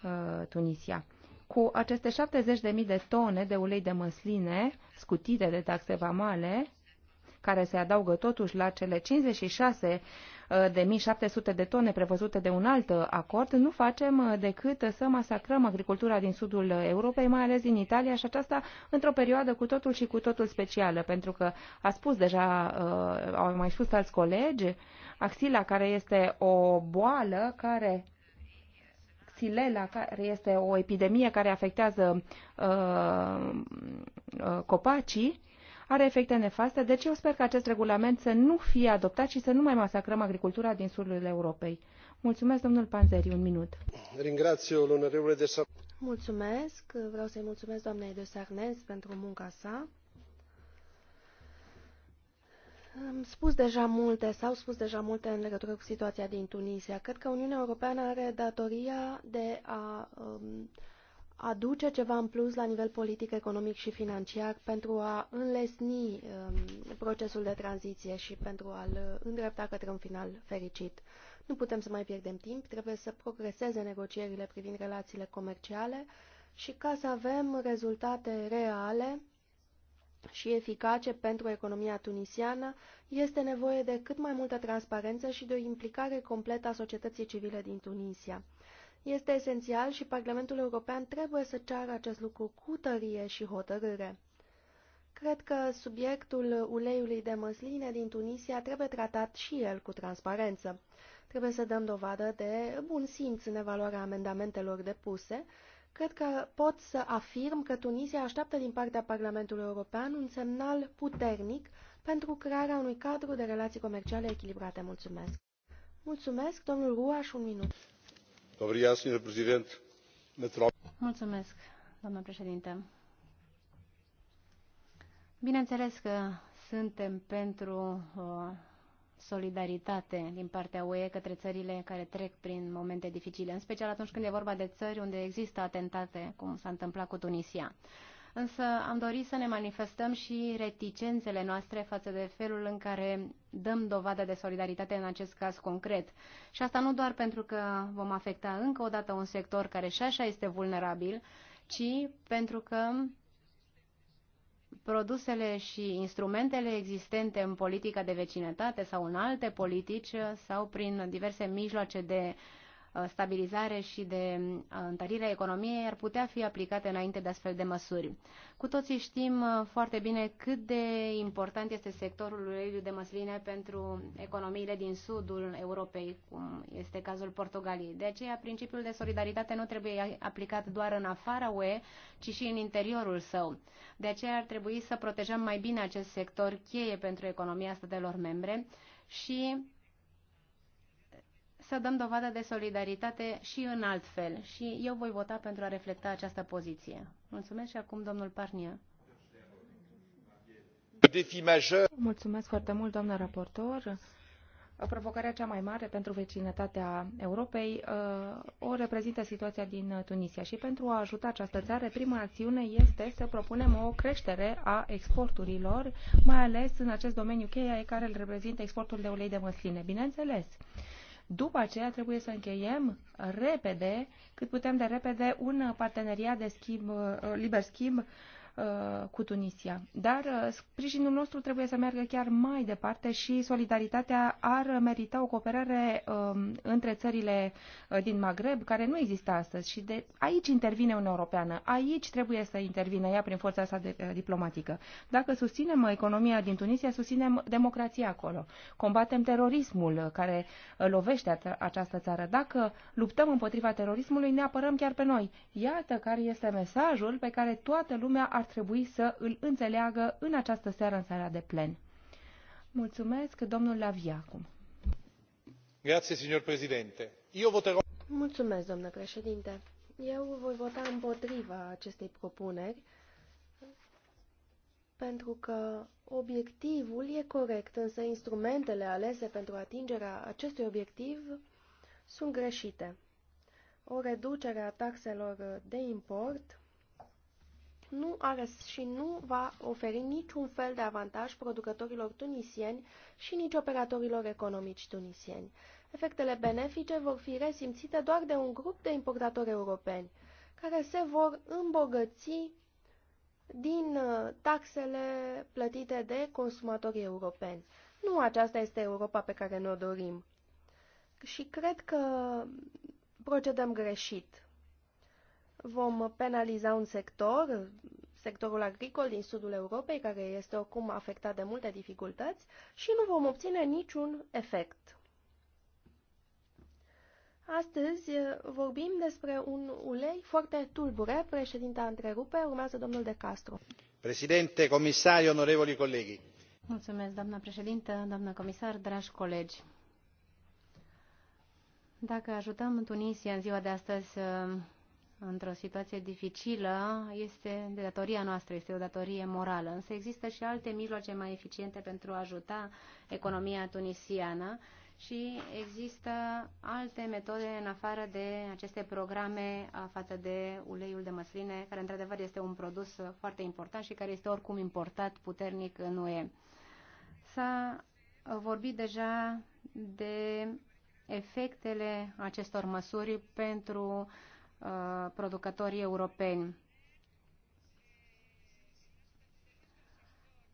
uh, Tunisia. Cu aceste 70.000 de tone de ulei de măsline scutite de taxe vamale, care se adaugă totuși la cele 56 de 1700 de tone prevăzute de un alt acord, nu facem uh, decât să masacrăm agricultura din sudul Europei, mai ales din Italia, și aceasta într-o perioadă cu totul și cu totul specială, pentru că a spus deja, uh, au mai spus alți colegi, axila care este o boală care xilela, care este o epidemie care afectează uh, uh copacii, are efecte nefaste, deci eu sper că acest regulament să nu fie adoptat și să nu mai masacrăm agricultura din sudul Europei. Mulțumesc, domnul Panzeri, un minut. Mulțumesc, vreau să-i mulțumesc doamnei de Sarnez pentru munca sa. Am spus deja multe, s-au spus deja multe în legătură cu situația din Tunisia. Cred că Uniunea Europeană are datoria de a um, aduce ceva în plus la nivel politic, economic și financiar pentru a înlesni um, procesul de tranziție și pentru a-l îndrepta către un final fericit. Nu putem să mai pierdem timp, trebuie să progreseze negocierile privind relațiile comerciale și ca să avem rezultate reale și eficace pentru economia tunisiană, este nevoie de cât mai multă transparență și de o implicare completă a societății civile din Tunisia. Este esențial și Parlamentul European trebuie să ceară acest lucru cu tărie și hotărâre. Cred că subiectul uleiului de măsline din Tunisia trebuie tratat și el cu transparență. Trebuie să dăm dovadă de bun simț în evaluarea amendamentelor depuse. Cred că pot să afirm că Tunisia așteaptă din partea Parlamentului European un semnal puternic pentru crearea unui cadru de relații comerciale echilibrate. Mulțumesc! Mulțumesc, domnul Ruaș, un minut. Mulțumesc, președinte. Bineînțeles că suntem pentru uh, solidaritate din partea UE către țările care trec prin momente dificile, în special atunci când e vorba de țări unde există atentate, cum s-a întâmplat cu Tunisia însă am dorit să ne manifestăm și reticențele noastre față de felul în care dăm dovadă de solidaritate în acest caz concret. Și asta nu doar pentru că vom afecta încă o dată un sector care și așa este vulnerabil, ci pentru că produsele și instrumentele existente în politica de vecinătate sau în alte politici sau prin diverse mijloace de uh, Uh, stabilizare și de uh, întărire a economiei ar putea fi aplicate înainte de astfel de măsuri. Cu toții știm uh, foarte bine cât de important este sectorul uleiului de măsline pentru economiile din sudul Europei, cum este cazul Portugaliei. De aceea, principiul de solidaritate nu trebuie aplicat doar în afara UE, ci și în interiorul său. De aceea ar trebui să protejăm mai bine acest sector cheie pentru economia statelor membre și să dăm dovadă de solidaritate și în alt fel. Și eu voi vota pentru a reflecta această poziție. Mulțumesc și acum domnul Parnia. Mulțumesc foarte mult, doamna raportor provocarea cea mai mare pentru vecinătatea Europei uh, o reprezintă situația din Tunisia și pentru a ajuta această țară, prima acțiune este să propunem o creștere a exporturilor, mai ales în acest domeniu cheia care îl reprezintă exportul de ulei de măsline. Bineînțeles, după aceea trebuie să încheiem repede, cât putem de repede, un parteneriat de schimb, liber schimb Uh, cu Tunisia. Dar uh, sprijinul nostru trebuie să meargă chiar mai departe și solidaritatea ar merita o cooperare um, între țările uh, din Maghreb, care nu există astăzi. Și de aici intervine Uniunea Europeană. Aici trebuie să intervină ea prin forța sa de, diplomatică. Dacă susținem economia din Tunisia, susținem democrația acolo. Combatem terorismul care lovește această țară. Dacă luptăm împotriva terorismului, ne apărăm chiar pe noi. Iată care este mesajul pe care toată lumea a ar trebui să îl înțeleagă în această seară în seara de plen. Mulțumesc, domnul Lavia, acum. Grazie, signor președinte. Eu voterò... Mulțumesc, domnule președinte. Eu voi vota împotriva acestei propuneri pentru că obiectivul e corect, însă instrumentele alese pentru atingerea acestui obiectiv sunt greșite. O reducere a taxelor de import nu are și nu va oferi niciun fel de avantaj producătorilor tunisieni și nici operatorilor economici tunisieni. Efectele benefice vor fi resimțite doar de un grup de importatori europeni, care se vor îmbogăți din uh, taxele plătite de consumatorii europeni. Nu aceasta este Europa pe care ne-o dorim. Și cred că procedăm greșit. Vom penaliza un sector, sectorul agricol din sudul Europei, care este oricum afectat de multe dificultăți și nu vom obține niciun efect. Astăzi eh, vorbim despre un ulei foarte tulbure. Președinta întrerupe, urmează domnul De Castro. Președinte, comisari, onorevoli colegi. Mulțumesc, doamna președintă, doamna comisar, dragi colegi. Dacă ajutăm Tunisia în ziua de astăzi eh, într-o situație dificilă este de datoria noastră, este o datorie morală. Însă există și alte mijloace mai eficiente pentru a ajuta economia tunisiană și există alte metode în afară de aceste programe față de uleiul de măsline, care într-adevăr este un produs foarte important și care este oricum importat puternic în UE. S-a vorbit deja de efectele acestor măsuri pentru uh, Uh, producătorii europeni.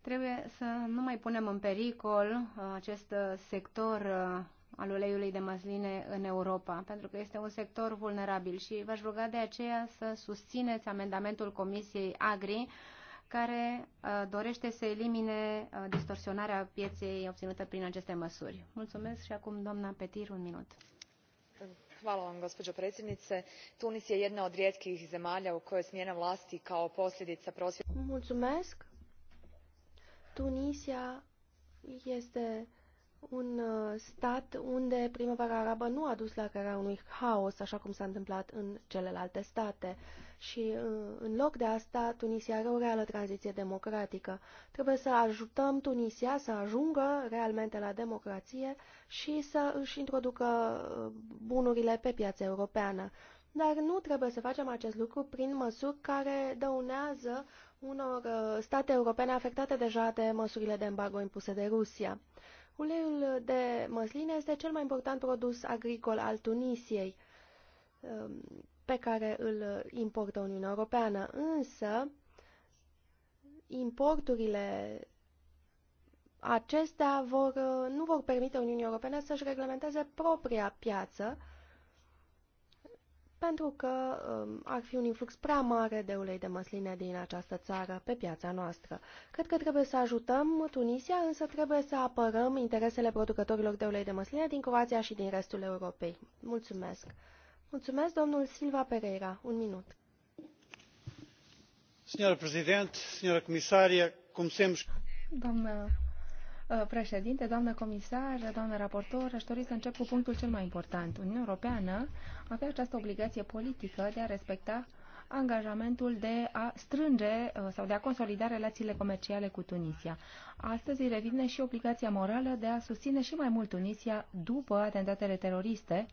Trebuie să nu mai punem în pericol uh, acest sector uh, al uleiului de măsline în Europa, pentru că este un sector vulnerabil și v-aș ruga de aceea să susțineți amendamentul Comisiei Agri care dorește să elimine distorsionarea pieței obținută prin aceste măsuri. Mulțumesc și acum doamna Petir un minut gospoo predsjednice tunis je jedna od rijetkih zemalja u kojoj je smjena vlasti kao posljedica prosvjeda. tunisia este un uh, stat unde primăvara arabă nu a dus la crearea unui haos așa cum s a întâmplat în celelalte state și uh, în loc de asta Tunisia are o reală tranziție democratică. Trebuie să ajutăm Tunisia să ajungă realmente la democrație și să își introducă uh, bunurile pe piața europeană. Dar nu trebuie să facem acest lucru prin măsuri care dăunează unor uh, state europene afectate deja de măsurile de embargo impuse de Rusia. Uleiul de măsline este cel mai important produs agricol al Tunisiei um, pe care îl importă Uniunea Europeană, însă importurile acestea vor, nu vor permite Uniunii Europene să-și reglementeze propria piață, pentru că um, ar fi un influx prea mare de ulei de măsline din această țară pe piața noastră. Cred că trebuie să ajutăm Tunisia, însă trebuie să apărăm interesele producătorilor de ulei de măsline din Croația și din restul Europei. Mulțumesc! Mulțumesc, domnul Silva Pereira. Un minut. Doamnă uh, președinte, doamnă comisar, doamnă raportor, aș dori să încep cu punctul cel mai important. Uniunea Europeană avea această obligație politică de a respecta angajamentul de a strânge uh, sau de a consolida relațiile comerciale cu Tunisia. Astăzi îi revine și obligația morală de a susține și mai mult Tunisia după atentatele teroriste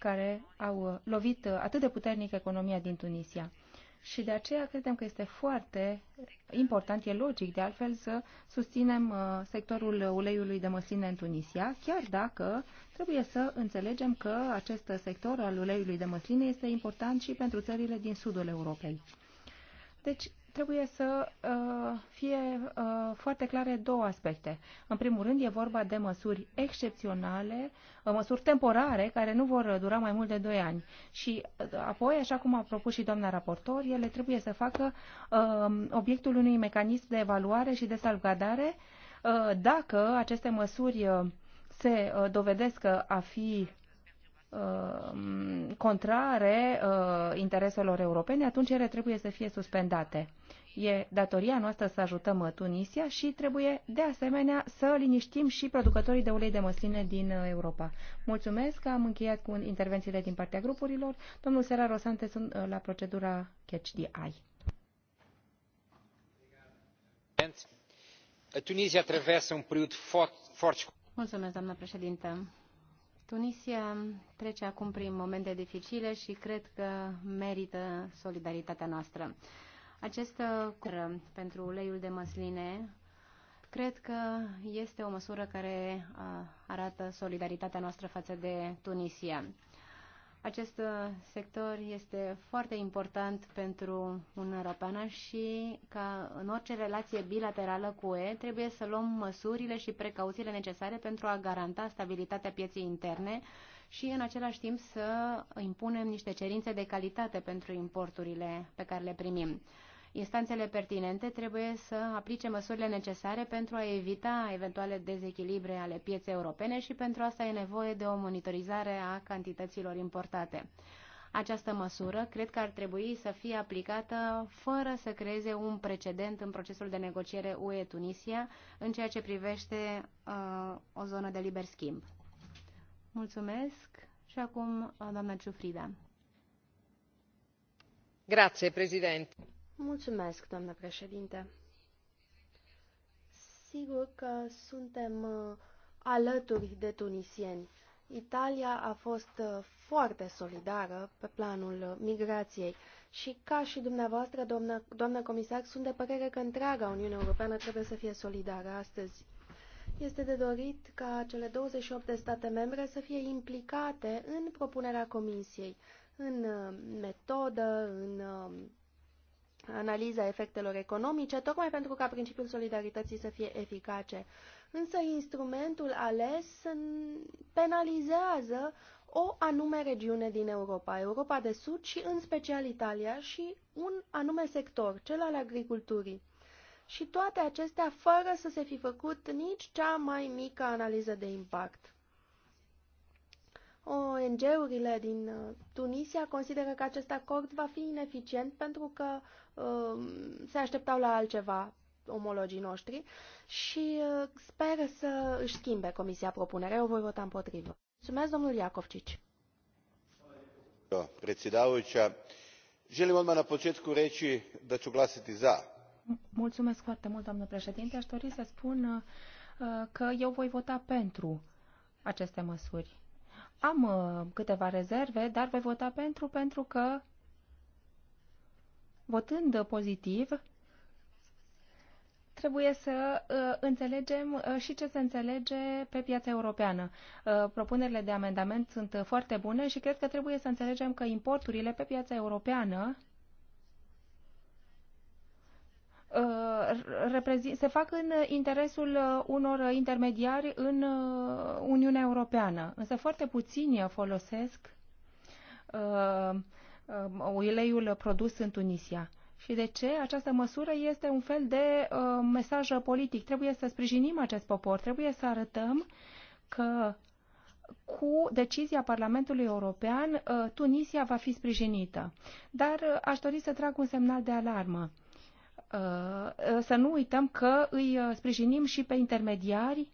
care au uh, lovit uh, atât de puternic economia din Tunisia. Și de aceea credem că este foarte important, e logic de altfel să susținem uh, sectorul uleiului de măsline în Tunisia, chiar dacă trebuie să înțelegem că acest sector al uleiului de măsline este important și pentru țările din sudul Europei. Deci, trebuie să uh, fie uh, foarte clare două aspecte. În primul rând, e vorba de măsuri excepționale, uh, măsuri temporare, care nu vor dura mai mult de 2 ani. Și apoi, așa cum a propus și doamna raportor, ele trebuie să facă obiectul unui mecanism de evaluare și de salvgardare dacă aceste măsuri se dovedesc a fi contrare intereselor europene, atunci ele trebuie să fie suspendate. E datoria noastră să ajutăm Tunisia și trebuie de asemenea să liniștim și producătorii de ulei de măsline din uh, Europa. Mulțumesc că am încheiat cu intervențiile din partea grupurilor. Domnul Sera Rosante sunt uh, la procedura Catch the Eye. Tunisia traversa un period foarte... Mulțumesc, doamnă președintă. Tunisia trece acum prin momente dificile și cred că merită solidaritatea noastră. Această cură pentru uleiul de măsline cred că este o măsură care arată solidaritatea noastră față de Tunisia. Acest sector este foarte important pentru Uniunea Europeană și ca în orice relație bilaterală cu UE trebuie să luăm măsurile și precauțiile necesare pentru a garanta stabilitatea pieței interne și în același timp să impunem niște cerințe de calitate pentru importurile pe care le primim. Instanțele pertinente trebuie să aplice măsurile necesare pentru a evita eventuale dezechilibre ale pieței europene și pentru asta e nevoie de o monitorizare a cantităților importate. Această măsură cred că ar trebui să fie aplicată fără să creeze un precedent în procesul de negociere UE-Tunisia în ceea ce privește uh, o zonă de liber schimb. Mulțumesc și acum uh, doamna Ciufrida. Grazie, Presidente. Mulțumesc, doamnă președinte. Sigur că suntem uh, alături de tunisieni. Italia a fost uh, foarte solidară pe planul uh, migrației și ca și dumneavoastră, doamnă, doamnă comisar, sunt de părere că întreaga Uniune Europeană trebuie să fie solidară astăzi. Este de dorit ca cele 28 de state membre să fie implicate în propunerea Comisiei, în metodă, în analiza efectelor economice, tocmai pentru ca principiul solidarității să fie eficace. Însă instrumentul ales penalizează o anume regiune din Europa, Europa de Sud și în special Italia și un anume sector, cel al agriculturii. Și toate acestea fără să se fi făcut nici cea mai mică analiză de impact. ONG-urile din uh, Tunisia consideră că acest acord va fi ineficient pentru că um, se așteptau la altceva omologii noștri și uh, speră sper să își schimbe Comisia propunerea. Eu voi vota împotrivă. Mulțumesc, domnul Iacovcici. Predsjedavajuća, želim odmah na početku reći da ću glasiti za. Mulțumesc foarte mult, doamnă președinte. Aș dori să spun uh, că eu voi vota pentru aceste măsuri am uh, câteva rezerve, dar voi vota pentru, pentru că, votând pozitiv, trebuie să uh, înțelegem uh, și ce se înțelege pe piața europeană. Propunerile de amendament sunt foarte bune și cred că trebuie să înțelegem că importurile pe piața europeană Uh, se fac în interesul uh, unor intermediari în uh, Uniunea Europeană, însă foarte puțini folosesc uleiul produs în Tunisia. Și de ce? Această măsură este un fel de mesaj politic. Trebuie să sprijinim acest popor, trebuie să arătăm că cu decizia Parlamentului European, Tunisia va fi sprijinită. Dar aș dori să trag un semnal de alarmă Uh, să nu uităm că îi uh, sprijinim și pe intermediari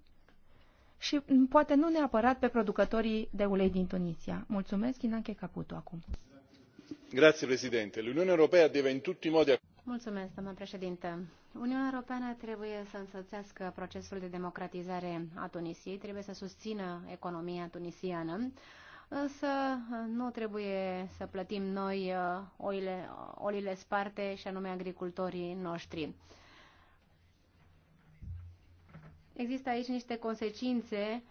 și poate nu neapărat pe producătorii de ulei din Tunisia. Mulțumesc, Inanche Caputo, acum. Grazie, Presidente. deve tutti modi... Mulțumesc, doamnă președinte. Uniunea Europeană trebuie să însoțească procesul de democratizare a Tunisiei, trebuie să susțină economia tunisiană, însă nu trebuie să plătim noi uh, oile, olile sparte și anume agricultorii noștri. Există aici niște consecințe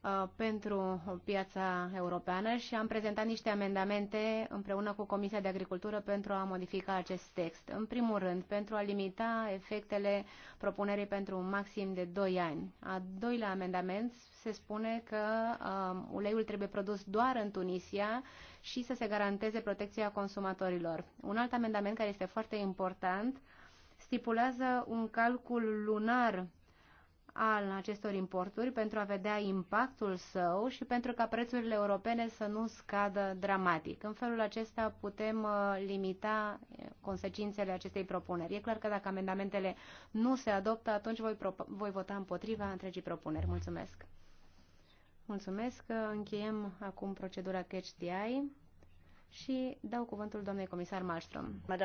uh, pentru piața europeană și am prezentat niște amendamente împreună cu Comisia de Agricultură pentru a modifica acest text. În primul rând, pentru a limita efectele propunerii pentru un maxim de 2 ani. A doilea amendament se spune că um, uleiul trebuie produs doar în Tunisia și să se garanteze protecția consumatorilor. Un alt amendament care este foarte important stipulează un calcul lunar al acestor importuri pentru a vedea impactul său și pentru ca prețurile europene să nu scadă dramatic. În felul acesta putem uh, limita uh, consecințele acestei propuneri. E clar că dacă amendamentele nu se adoptă, atunci voi, voi vota împotriva întregii propuneri. Mulțumesc! Mulțumesc. Încheiem acum procedura Catch the Eye și dau cuvântul doamnei comisar Malmström.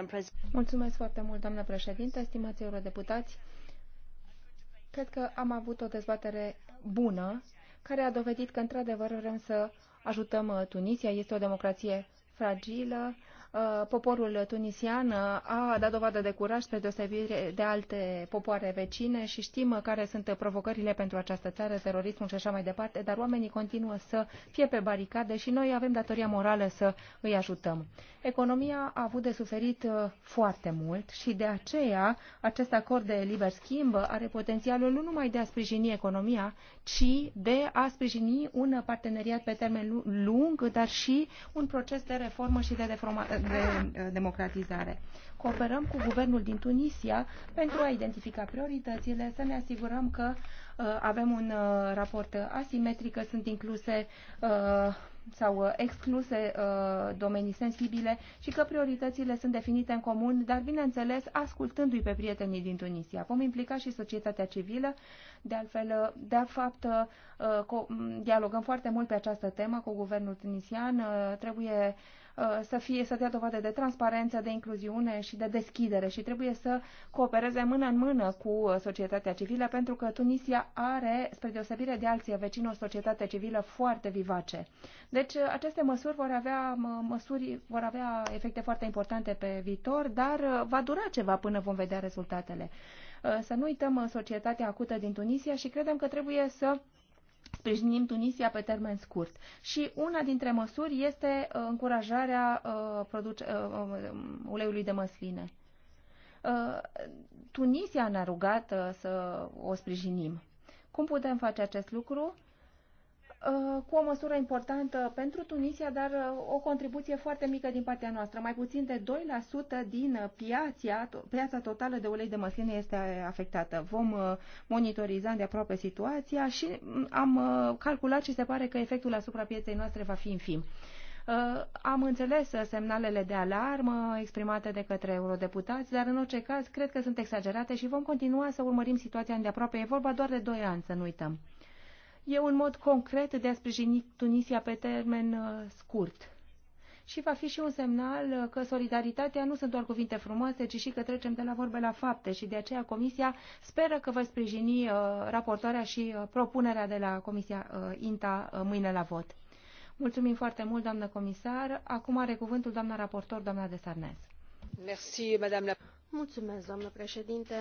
Mulțumesc foarte mult, doamnă președinte, stimați eurodeputați. Cred că am avut o dezbatere bună care a dovedit că, într-adevăr, vrem să ajutăm Tunisia. Este o democrație fragilă, Uh, poporul tunisian uh, a dat dovadă de curaj spre deosebire de alte popoare vecine și știm uh, care sunt provocările pentru această țară, terorismul și așa mai departe, dar oamenii continuă să fie pe baricade și noi avem datoria morală să îi ajutăm. Economia a avut de suferit foarte mult și de aceea acest acord de liber schimb are potențialul nu numai de a sprijini economia, ci de a sprijini un parteneriat pe termen lung, dar și un proces de reformă și de reformare de uh, democratizare. Cooperăm cu guvernul din Tunisia pentru a identifica prioritățile, să ne asigurăm că uh, avem un uh, raport asimetric, că sunt incluse sau excluse domenii sensibile și că prioritățile sunt definite în comun, dar bineînțeles ascultându-i pe prietenii din Tunisia. Vom implica și societatea civilă, de altfel, de fapt, dialogăm foarte mult pe această temă cu guvernul tunisian, trebuie Uh, să, fie, să dea dovadă de transparență, de incluziune și de deschidere și trebuie să coopereze mână în mână cu uh, societatea civilă pentru că Tunisia are, spre deosebire de alții vecini, o societate civilă foarte vivace. Deci uh, aceste măsuri vor avea, măsuri, vor avea efecte foarte importante pe viitor, dar va dura ceva până vom vedea rezultatele. Să nu uităm societatea acută din Tunisia și credem că trebuie să sprijinim Tunisia pe termen scurt. Și una dintre măsuri este uh, încurajarea uh, uh, um, uleiului de măsline. Tunisia ne-a rugat să o sprijinim. Cum putem face acest lucru? Uh, cu o măsură importantă pentru Tunisia, dar uh, o contribuție foarte mică din partea noastră. Mai puțin de 2% din piața, piața totală de ulei de măsline este afectată. Vom uh, monitoriza de aproape situația și mm, am calculat și se pare că efectul asupra pieței noastre va fi infim. Am înțeles semnalele de alarmă exprimate de către eurodeputați, dar în orice caz cred că sunt exagerate și vom continua să urmărim situația îndeaproape. E vorba doar de 2 ani, să nu uităm e un mod concret de a sprijini Tunisia pe termen uh, scurt. Și va fi și un semnal uh, că solidaritatea nu sunt doar cuvinte frumoase, ci și că trecem de la vorbe la fapte și de aceea Comisia speră că va sprijini uh, raportoarea și uh, propunerea de la Comisia uh, INTA uh, mâine la vot. Mulțumim foarte mult, doamnă comisar. Acum are cuvântul doamna raportor, doamna de Sarnez. Mulțumesc, doamnă președinte.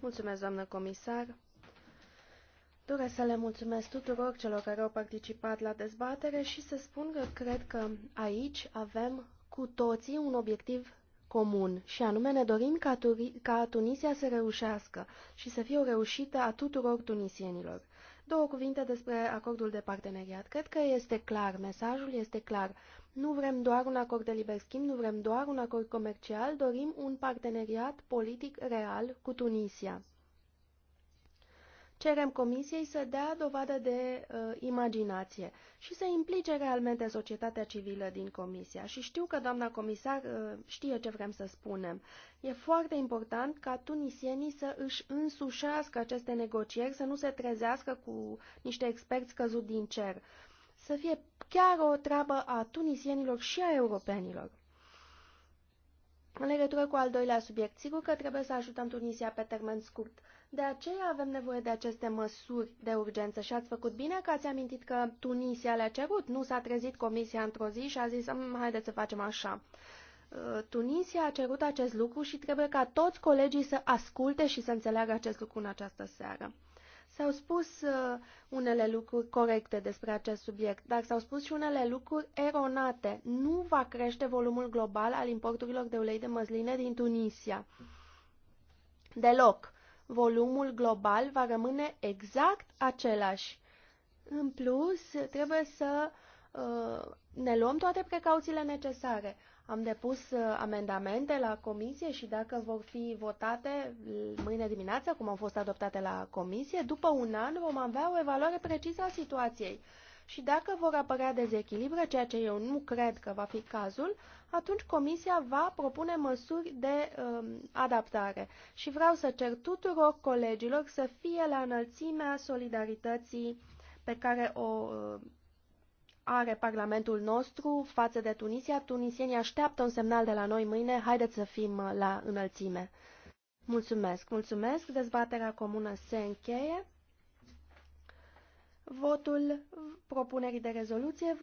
Mulțumesc, doamnă comisar. Doresc să le mulțumesc tuturor celor care au participat la dezbatere și să spun că cred că aici avem cu toții un obiectiv comun și anume ne dorim ca, Turi ca Tunisia să reușească și să fie o reușită a tuturor tunisienilor. Două cuvinte despre acordul de parteneriat. Cred că este clar, mesajul este clar. Nu vrem doar un acord de liber schimb, nu vrem doar un acord comercial, dorim un parteneriat politic real cu Tunisia. Cerem Comisiei să dea dovadă de uh, imaginație și să implice realmente societatea civilă din Comisia. Și știu că doamna comisar uh, știe ce vrem să spunem. E foarte important ca tunisienii să își însușească aceste negocieri, să nu se trezească cu niște experți căzut din cer. Să fie chiar o treabă a tunisienilor și a europenilor. În legătură cu al doilea subiect, sigur că trebuie să ajutăm Tunisia pe termen scurt, de aceea avem nevoie de aceste măsuri de urgență și ați făcut bine că ați amintit că Tunisia le-a cerut. Nu s-a trezit comisia într-o zi și a zis, mm, haideți să facem așa. Uh, Tunisia a cerut acest lucru și trebuie ca toți colegii să asculte și să înțeleagă acest lucru în această seară. S-au spus uh, unele lucruri corecte despre acest subiect, dar s-au spus și unele lucruri eronate. Nu va crește volumul global al importurilor de ulei de măsline din Tunisia. Deloc volumul global va rămâne exact același. În plus, trebuie să uh, ne luăm toate precauțiile necesare. Am depus uh, amendamente la comisie și dacă vor fi votate mâine dimineață, cum au fost adoptate la comisie, după un an vom avea o evaluare precisă a situației. Și dacă vor apărea dezechilibre, ceea ce eu nu cred că va fi cazul, atunci Comisia va propune măsuri de um, adaptare. Și vreau să cer tuturor colegilor să fie la înălțimea solidarității pe care o uh, are Parlamentul nostru față de Tunisia. Tunisienii așteaptă un semnal de la noi mâine. Haideți să fim uh, la înălțime. Mulțumesc, mulțumesc. Dezbaterea comună se încheie. Votul propunerii de rezoluție.